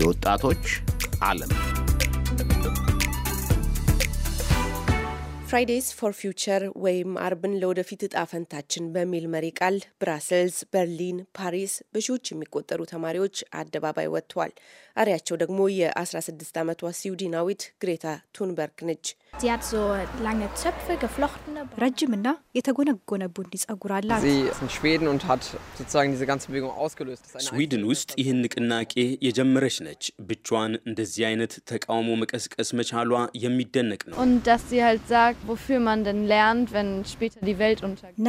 የወጣቶች ዓለም ፍራይዴይስ ፎር ፊውቸር ወይም አርብን ለወደፊት እጣ ፈንታችን በሚል መሪ ቃል ብራሰልስ፣ በርሊን፣ ፓሪስ በሺዎች የሚቆጠሩ ተማሪዎች አደባባይ ወጥተዋል። አሪያቸው ደግሞ የ16 ዓመቷ ስዊድናዊት ግሬታ ቱንበርግ ነች። ረጅምና የተጎነጎነ ቡኒ ጸጉር አላት። ስዊድን ውስጥ ይህን ንቅናቄ የጀመረች ነች። ብቻዋን እንደዚህ አይነት ተቃውሞ መቀስቀስ መቻሏ የሚደነቅ ነው።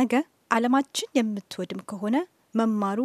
ነገ ዓለማችን የምትወድም ከሆነ መማሩ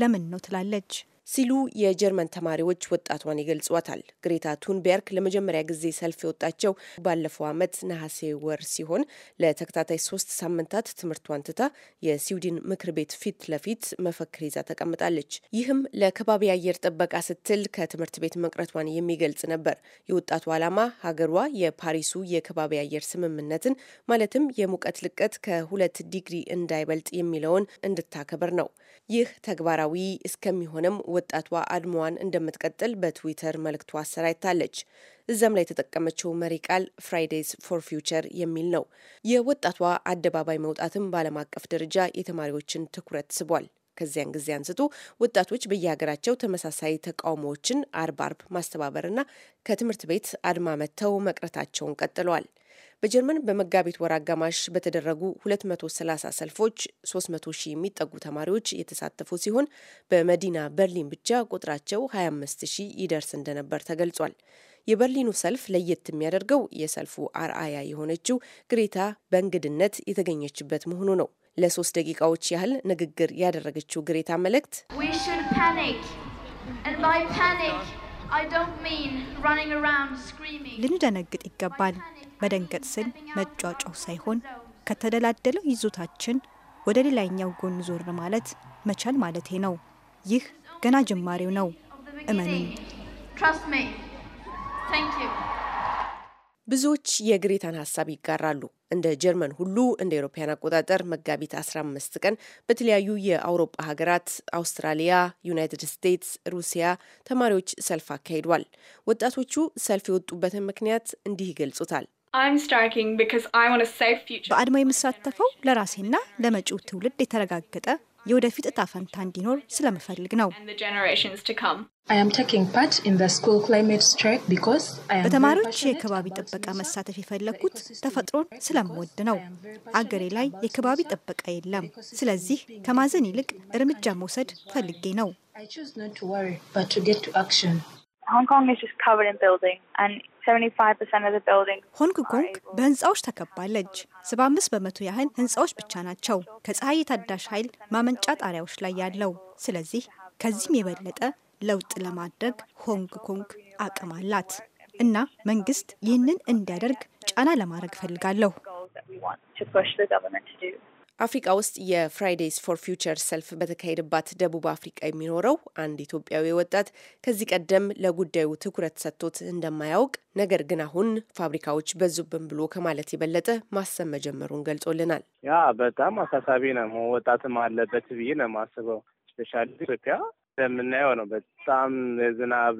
ለምን ነው ትላለች። ሲሉ የጀርመን ተማሪዎች ወጣቷን ይገልጿታል። ግሬታ ቱንበርግ ለመጀመሪያ ጊዜ ሰልፍ የወጣቸው ባለፈው ዓመት ነሐሴ ወር ሲሆን ለተከታታይ ሶስት ሳምንታት ትምህርቷን ትታ የስዊድን ምክር ቤት ፊት ለፊት መፈክር ይዛ ተቀምጣለች። ይህም ለከባቢ አየር ጥበቃ ስትል ከትምህርት ቤት መቅረቷን የሚገልጽ ነበር። የወጣቱ ዓላማ ሀገሯ የፓሪሱ የከባቢ አየር ስምምነትን ማለትም የሙቀት ልቀት ከሁለት ዲግሪ እንዳይበልጥ የሚለውን እንድታከብር ነው። ይህ ተግባራዊ እስከሚሆንም ወጣቷ አድማዋን እንደምትቀጥል በትዊተር መልእክቱ አሰራይታለች። እዛም ላይ የተጠቀመችው መሪ ቃል ፍራይዴይስ ፎር ፊውቸር የሚል ነው። የወጣቷ አደባባይ መውጣትም በዓለም አቀፍ ደረጃ የተማሪዎችን ትኩረት ስቧል። ከዚያን ጊዜ አንስቶ ወጣቶች በየሀገራቸው ተመሳሳይ ተቃውሞዎችን አርብ አርብ ማስተባበርና ከትምህርት ቤት አድማ መጥተው መቅረታቸውን ቀጥለዋል። በጀርመን በመጋቢት ወር አጋማሽ በተደረጉ 230 ሰልፎች 300 ሺህ የሚጠጉ ተማሪዎች የተሳተፉ ሲሆን በመዲና በርሊን ብቻ ቁጥራቸው 25 ሺህ ይደርስ እንደነበር ተገልጿል። የበርሊኑ ሰልፍ ለየት የሚያደርገው የሰልፉ አርአያ የሆነችው ግሬታ በእንግድነት የተገኘችበት መሆኑ ነው። ለሶስት ደቂቃዎች ያህል ንግግር ያደረገችው ግሬታ መልእክት ልንደነግጥ ይገባል። መደንገጥ ስል መጫጫው ሳይሆን ከተደላደለው ይዞታችን ወደ ሌላኛው ጎን ዞር ማለት መቻል ማለቴ ነው። ይህ ገና ጅማሬው ነው። እመኑኝ። ብዙዎች የግሬታን ሀሳብ ይጋራሉ። እንደ ጀርመን ሁሉ እንደ ኤሮፓያን አቆጣጠር መጋቢት 15 ቀን በተለያዩ የአውሮፓ ሀገራት አውስትራሊያ፣ ዩናይትድ ስቴትስ፣ ሩሲያ ተማሪዎች ሰልፍ አካሂዷል። ወጣቶቹ ሰልፍ የወጡበትን ምክንያት እንዲህ ይገልጹታል። በአድማ የምሳተፈው ለራሴና ለመጪው ትውልድ የተረጋገጠ የወደፊት እጣ ፈንታ እንዲኖር ስለምፈልግ ነው። በተማሪዎች የከባቢ ጥበቃ መሳተፍ የፈለግኩት ተፈጥሮን ስለምወድ ነው። አገሬ ላይ የከባቢ ጥበቃ የለም። ስለዚህ ከማዘን ይልቅ እርምጃ መውሰድ ፈልጌ ነው። ሆንግ ኮንግ በህንፃዎች ተከባለች። 75 በመቶ ያህል ህንፃዎች ብቻ ናቸው ከፀሐይ የታዳሽ ኃይል ማመንጫ ጣሪያዎች ላይ ያለው። ስለዚህ ከዚህም የበለጠ ለውጥ ለማድረግ ሆንግ ኮንግ አቅም አላት እና መንግስት ይህንን እንዲያደርግ ጫና ለማድረግ እፈልጋለሁ። አፍሪቃ ውስጥ የፍራይዴይስ ፎር ፊውቸር ሰልፍ በተካሄደባት ደቡብ አፍሪቃ የሚኖረው አንድ ኢትዮጵያዊ ወጣት ከዚህ ቀደም ለጉዳዩ ትኩረት ሰጥቶት እንደማያውቅ ነገር ግን አሁን ፋብሪካዎች በዙብን ብሎ ከማለት የበለጠ ማሰብ መጀመሩን ገልጾልናል። ያ በጣም አሳሳቢ ነው። መወጣትም አለበት ብዬ ነው የማስበው። ስፔሻሊ ኢትዮጵያ እንደምናየው ነው። በጣም የዝናብ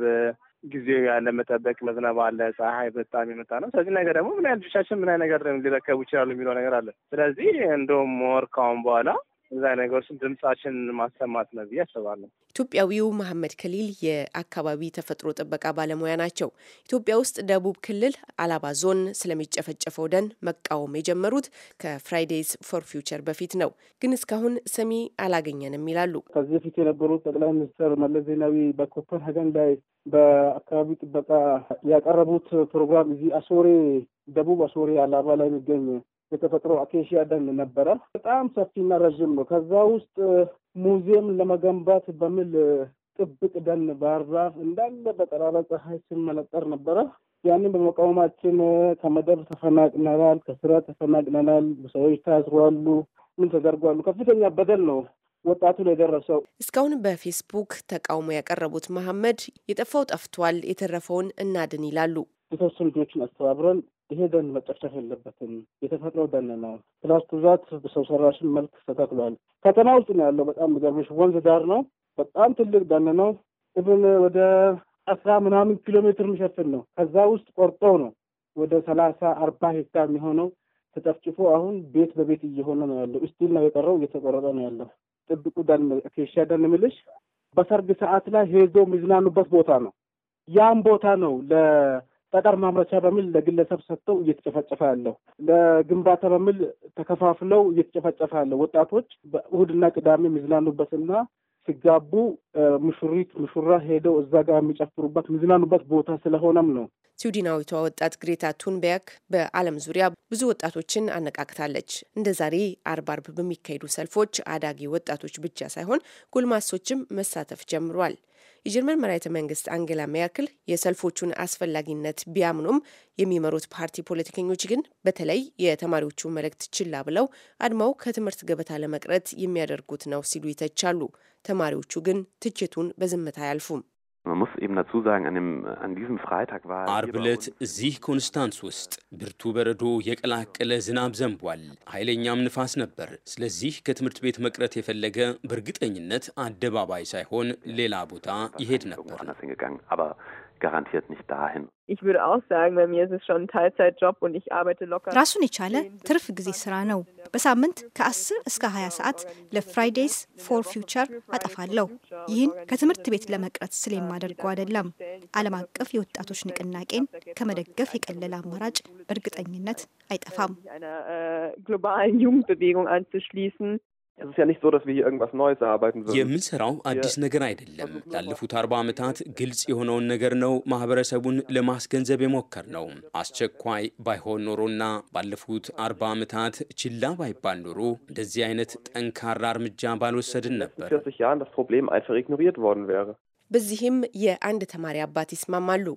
ጊዜው ያለመጠበቅ መጠበቅ መዝነብ አለ፣ ፀሐይ በጣም የመጣ ነው። ስለዚህ ነገር ደግሞ ምን ያህል ልጆቻችን ምን ያህል ነገር ሊረከቡ ይችላሉ የሚለው ነገር አለ። ስለዚህ እንደውም ሞር ካሁን በኋላ እዛ ነገሮችን ድምጻችን ማሰማት ነው ብዬ አስባለሁ። ኢትዮጵያዊው መሐመድ ከሊል የአካባቢ ተፈጥሮ ጥበቃ ባለሙያ ናቸው። ኢትዮጵያ ውስጥ ደቡብ ክልል አላባ ዞን ስለሚጨፈጨፈው ደን መቃወም የጀመሩት ከፍራይዴይስ ፎር ፊውቸር በፊት ነው። ግን እስካሁን ሰሚ አላገኘንም ይላሉ። ከዚህ በፊት የነበሩት ጠቅላይ ሚኒስትር መለስ ዜናዊ በኮፐንሃገን ላይ በአካባቢ ጥበቃ ያቀረቡት ፕሮግራም እዚህ አሶሬ ደቡብ አሶሬ አላባ ላይ የሚገኝ የተፈጥሮ አኬሽያ ደን ነበረ። በጣም ሰፊና ረዥም ነው። ከዛ ውስጥ ሙዚየም ለመገንባት በሚል ጥብቅ ደን ባህር ዛፍ እንዳለ በጠራራ ፀሐይ ስንመለጠር ነበረ። ያንን በመቃወማችን ከመደብ ተፈናቅነናል፣ ከስራ ተፈናቅነናል፣ ሰዎች ታስሯሉ፣ ምን ተደርጓሉ። ከፍተኛ በደል ነው ወጣቱ ላይ የደረሰው። እስካሁን በፌስቡክ ተቃውሞ ያቀረቡት መሐመድ የጠፋው ጠፍቷል፣ የተረፈውን እናድን ይላሉ። የተወሰኑ ልጆችን አስተባብረን ይሄ ደን መጨፍጨፍ የለበትም። የተፈጥሮ ደን ነው። ፕላስቱ ብዛት በሰው ሰራሽን መልክ ተተክሏል። ከተማ ውስጥ ነው ያለው። በጣም ገርምሽ ወንዝ ዳር ነው። በጣም ትልቅ ደን ነው። እብን ወደ አስራ ምናምን ኪሎ ሜትር የሚሸፍን ነው። ከዛ ውስጥ ቆርጦ ነው ወደ ሰላሳ አርባ ሄክታር የሚሆነው ተጨፍጭፎ አሁን ቤት በቤት እየሆነ ነው ያለው። ስቲል ነው የቀረው፣ እየተቆረጠ ነው ያለው። ጥብቁ ደን ኬሻ ደን ምልሽ በሰርግ ሰዓት ላይ ሄዶ የሚዝናኑበት ቦታ ነው። ያም ቦታ ነው ለ ጠጠር ማምረቻ በሚል ለግለሰብ ሰጥተው እየተጨፈጨፈ ያለው፣ ለግንባታ በሚል ተከፋፍለው እየተጨፈጨፈ ያለው ወጣቶች በእሁድና ቅዳሜ የሚዝናኑበትና ሲጋቡ ሙሽሪት ምሹራ ሄደው እዛ ጋር የሚጨፍሩበት የሚዝናኑበት ቦታ ስለሆነም ነው። ስዊድናዊቷ ወጣት ግሬታ ቱንበርግ በዓለም ዙሪያ ብዙ ወጣቶችን አነቃቅታለች። እንደ ዛሬ አርብ አርብ በሚካሄዱ ሰልፎች አዳጊ ወጣቶች ብቻ ሳይሆን ጎልማሶችም መሳተፍ ጀምሯል። የጀርመን መራሒተ መንግስት አንጌላ ሜርክል የሰልፎቹን አስፈላጊነት ቢያምኑም የሚመሩት ፓርቲ ፖለቲከኞች ግን በተለይ የተማሪዎቹ መልእክት ችላ ብለው አድማው ከትምህርት ገበታ ለመቅረት የሚያደርጉት ነው ሲሉ ይተቻሉ። ተማሪዎቹ ግን ትችቱን በዝምታ አያልፉም። አርብ ዕለት እዚህ ኮንስታንስ ውስጥ ብርቱ በረዶ የቀላቀለ ዝናብ ዘንቧል። ኃይለኛም ንፋስ ነበር። ስለዚህ ከትምህርት ቤት መቅረት የፈለገ በእርግጠኝነት አደባባይ ሳይሆን ሌላ ቦታ ይሄድ ነበር። ራሱን የቻለ ትርፍ ጊዜ ስራ ነው። በሳምንት ከ10 እስከ 20 ሰዓት ለፍራይዴይስ ፎር ፊውቸር አጠፋለሁ። ይህን ከትምህርት ቤት ለመቅረት ስል የማደርገው አይደለም። ዓለም አቀፍ የወጣቶች ንቅናቄን ከመደገፍ የቀለለ አማራጭ በእርግጠኝነት አይጠፋም። es ist ja nicht so, dass wir hier irgendwas Neues erarbeiten würden. የምንሰራው አዲስ ነገር አይደለም። ላለፉት አርባ ዓመታት ግልጽ የሆነውን ነገር ነው ማህበረሰቡን ለማስገንዘብ የሞከር ነው። አስቸኳይ ባይሆን ኖሮና ባለፉት አርባ ዓመታት ችላ ባይባል ኖሮ እንደዚህ አይነት ጠንካራ እርምጃ ባልወሰድን ነበር። በዚህም የአንድ ተማሪ አባት ይስማማሉ።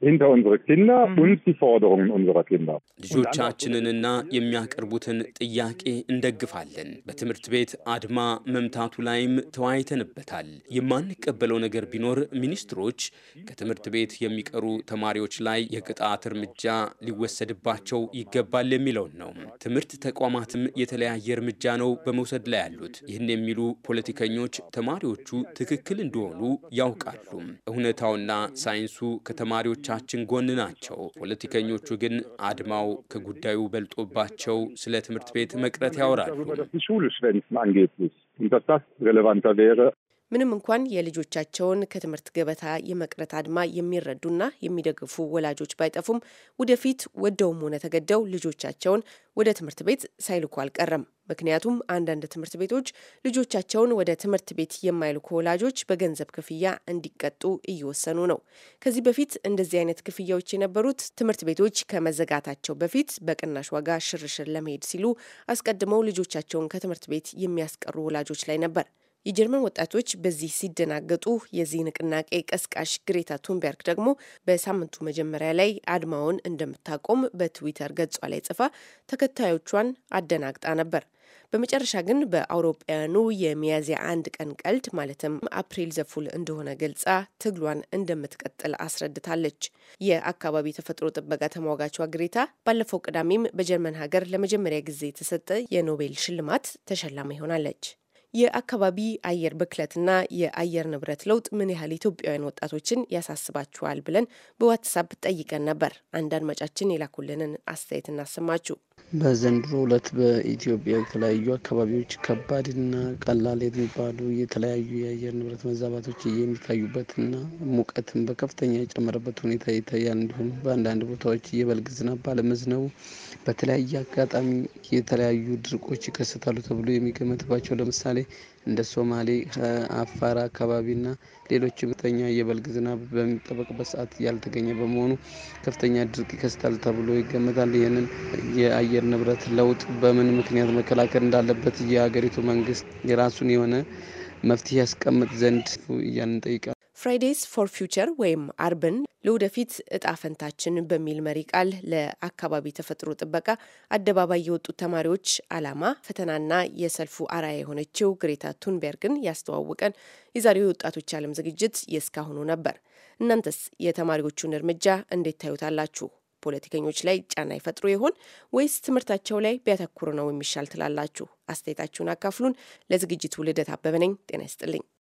hinter unsere Kinder mhm. und die Forderungen unserer Kinder. ልጆቻችንንና የሚያቀርቡትን ጥያቄ እንደግፋለን። በትምህርት ቤት አድማ መምታቱ ላይም ተወያይተንበታል። የማንቀበለው ነገር ቢኖር ሚኒስትሮች ከትምህርት ቤት የሚቀሩ ተማሪዎች ላይ የቅጣት እርምጃ ሊወሰድባቸው ይገባል የሚለውን ነው። ትምህርት ተቋማትም የተለያየ እርምጃ ነው በመውሰድ ላይ ያሉት። ይህን የሚሉ ፖለቲከኞች ተማሪዎቹ ትክክል እንደሆኑ ያውቃሉ። እውነታውና ሳይንሱ ከተማሪዎች ከወገኖቻችን ጎን ናቸው። ፖለቲከኞቹ ግን አድማው ከጉዳዩ በልጦባቸው ስለ ትምህርት ቤት መቅረት ያወራሉ። ምንም እንኳን የልጆቻቸውን ከትምህርት ገበታ የመቅረት አድማ የሚረዱና የሚደግፉ ወላጆች ባይጠፉም ወደፊት ወደውም ሆነ ተገደው ልጆቻቸውን ወደ ትምህርት ቤት ሳይልኩ አልቀረም። ምክንያቱም አንዳንድ ትምህርት ቤቶች ልጆቻቸውን ወደ ትምህርት ቤት የማይልኩ ወላጆች በገንዘብ ክፍያ እንዲቀጡ እየወሰኑ ነው። ከዚህ በፊት እንደዚህ አይነት ክፍያዎች የነበሩት ትምህርት ቤቶች ከመዘጋታቸው በፊት በቅናሽ ዋጋ ሽርሽር ለመሄድ ሲሉ አስቀድመው ልጆቻቸውን ከትምህርት ቤት የሚያስቀሩ ወላጆች ላይ ነበር። የጀርመን ወጣቶች በዚህ ሲደናገጡ የዚህ ንቅናቄ ቀስቃሽ ግሬታ ቱንበርግ ደግሞ በሳምንቱ መጀመሪያ ላይ አድማውን እንደምታቆም በትዊተር ገጿ ላይ ጽፋ ተከታዮቿን አደናግጣ ነበር። በመጨረሻ ግን በአውሮፓውያኑ የሚያዝያ አንድ ቀን ቀልድ ማለትም አፕሪል ዘፉል እንደሆነ ገልጻ ትግሏን እንደምትቀጥል አስረድታለች። የአካባቢ ተፈጥሮ ጥበቃ ተሟጋቿ ግሬታ ባለፈው ቅዳሜም በጀርመን ሀገር ለመጀመሪያ ጊዜ የተሰጠ የኖቤል ሽልማት ተሸላሚ ሆናለች። የአካባቢ አየር ብክለትና የአየር ንብረት ለውጥ ምን ያህል ኢትዮጵያውያን ወጣቶችን ያሳስባችኋል ብለን በዋትሳፕ ጠይቀን ነበር። አንድ አድማጫችን የላኩልንን አስተያየት እናሰማችሁ። በዘንድሮ ዕለት በኢትዮጵያ የተለያዩ አካባቢዎች ከባድና ቀላል የሚባሉ የተለያዩ የአየር ንብረት መዛባቶች የሚታዩበትና ሙቀትን በከፍተኛ የጨመረበት ሁኔታ ይታያል። እንዲሁም በአንዳንድ ቦታዎች የበልግ ዝናብ ባለመዝነቡ በተለያየ አጋጣሚ የተለያዩ ድርቆች ይከሰታሉ ተብሎ የሚገመትባቸው ለምሳሌ እንደ ሶማሌ አፋር አካባቢና ሌሎች ብተኛ የበልግ ዝናብ በሚጠበቅበት ሰዓት ያልተገኘ በመሆኑ ከፍተኛ ድርቅ ይከስታል ተብሎ ይገመታል። ይህንን የአየር ንብረት ለውጥ በምን ምክንያት መከላከል እንዳለበት የሀገሪቱ መንግስት የራሱን የሆነ መፍትሄ ያስቀምጥ ዘንድ እያልን እንጠይቃለን። ፍራይዴይስ ፎር ፊውቸር ወይም አርብን ለወደፊት እጣፈንታችን በሚል መሪ ቃል ለአካባቢ ተፈጥሮ ጥበቃ አደባባይ የወጡት ተማሪዎች አላማ ፈተናና የሰልፉ አራያ የሆነችው ግሬታ ቱንበርግን ያስተዋውቀን የዛሬው የወጣቶች ዓለም ዝግጅት የእስካሁኑ ነበር። እናንተስ የተማሪዎቹን እርምጃ እንዴት ታዩታላችሁ? ፖለቲከኞች ላይ ጫና ይፈጥሩ ይሆን ወይስ ትምህርታቸው ላይ ቢያተኩሩ ነው የሚሻል ትላላችሁ? አስተያየታችሁን አካፍሉን። ለዝግጅቱ ልደት አበበ ነኝ። ጤና ይስጥልኝ።